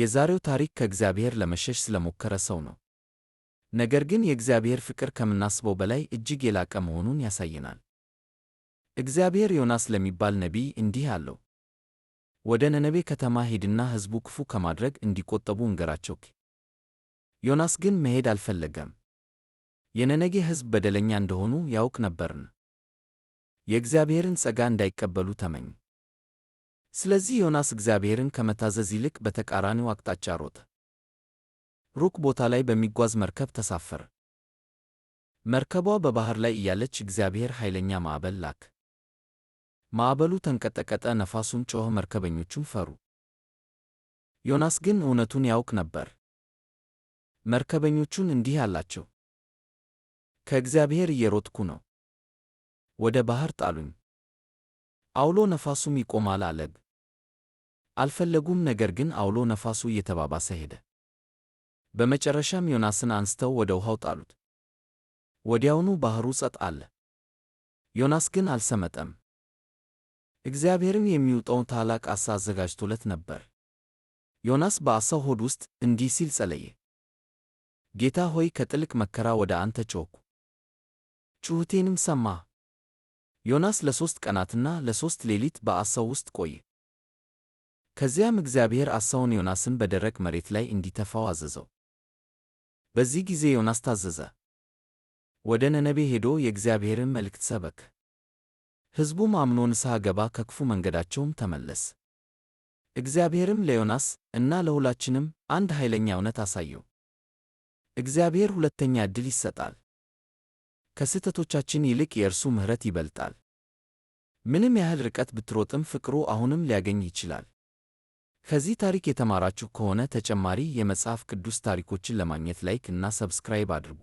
የዛሬው ታሪክ ከእግዚአብሔር ለመሸሽ ስለሞከረ ሰው ነው። ነገር ግን የእግዚአብሔር ፍቅር ከምናስበው በላይ እጅግ የላቀ መሆኑን ያሳየናል። እግዚአብሔር ዮናስ ለሚባል ነቢይ እንዲህ አለው፣ ወደ ነነቤ ከተማ ሂድና ሕዝቡ ክፉ ከማድረግ እንዲቆጠቡ እንገራቸው። ዮናስ ግን መሄድ አልፈለገም። የነነጌ ሕዝብ በደለኛ እንደሆኑ ያውቅ ነበርን። የእግዚአብሔርን ጸጋ እንዳይቀበሉ ተመኝ። ስለዚህ ዮናስ እግዚአብሔርን ከመታዘዝ ይልቅ በተቃራኒው አቅጣጫ ሮጠ። ሩቅ ቦታ ላይ በሚጓዝ መርከብ ተሳፈረ። መርከቧ በባሕር ላይ እያለች እግዚአብሔር ኃይለኛ ማዕበል ላክ። ማዕበሉ ተንቀጠቀጠ፣ ነፋሱም ጮኸ፣ መርከበኞቹም ፈሩ። ዮናስ ግን እውነቱን ያውቅ ነበር። መርከበኞቹን እንዲህ አላቸው፣ ከእግዚአብሔር እየሮጥኩ ነው፣ ወደ ባሕር ጣሉኝ። አውሎ ነፋሱም ይቆማል አለግ አልፈለጉም። ነገር ግን አውሎ ነፋሱ እየተባባሰ ሄደ። በመጨረሻም ዮናስን አንስተው ወደ ውሃው ጣሉት። ወዲያውኑ ባህሩ ጸጥ አለ። ዮናስ ግን አልሰመጠም። እግዚአብሔርም የሚውጠውን ታላቅ ዓሣ አዘጋጅቶለት ነበር። ዮናስ በዓሣው ሆድ ውስጥ እንዲህ ሲል ጸለየ። ጌታ ሆይ ከጥልቅ መከራ ወደ አንተ ጮኩ፣ ጩኸቴንም ሰማ ዮናስ ለሦስት ቀናትና ለሦስት ሌሊት በዓሣው ውስጥ ቆየ። ከዚያም እግዚአብሔር አሳውን ዮናስን በደረቅ መሬት ላይ እንዲተፋው አዘዘው። በዚህ ጊዜ ዮናስ ታዘዘ፣ ወደ ነነቤ ሄዶ የእግዚአብሔርን መልእክት ሰበክ ሕዝቡም አምኖ ንስሐ ገባ፣ ከክፉ መንገዳቸውም ተመለስ። እግዚአብሔርም ለዮናስ እና ለሁላችንም አንድ ኃይለኛ እውነት አሳየው። እግዚአብሔር ሁለተኛ ዕድል ይሰጣል። ከስህተቶቻችን ይልቅ የእርሱ ምሕረት ይበልጣል። ምንም ያህል ርቀት ብትሮጥም ፍቅሩ አሁንም ሊያገኝ ይችላል። ከዚህ ታሪክ የተማራችሁ ከሆነ ተጨማሪ የመጽሐፍ ቅዱስ ታሪኮችን ለማግኘት ላይክ እና ሰብስክራይብ አድርጉ።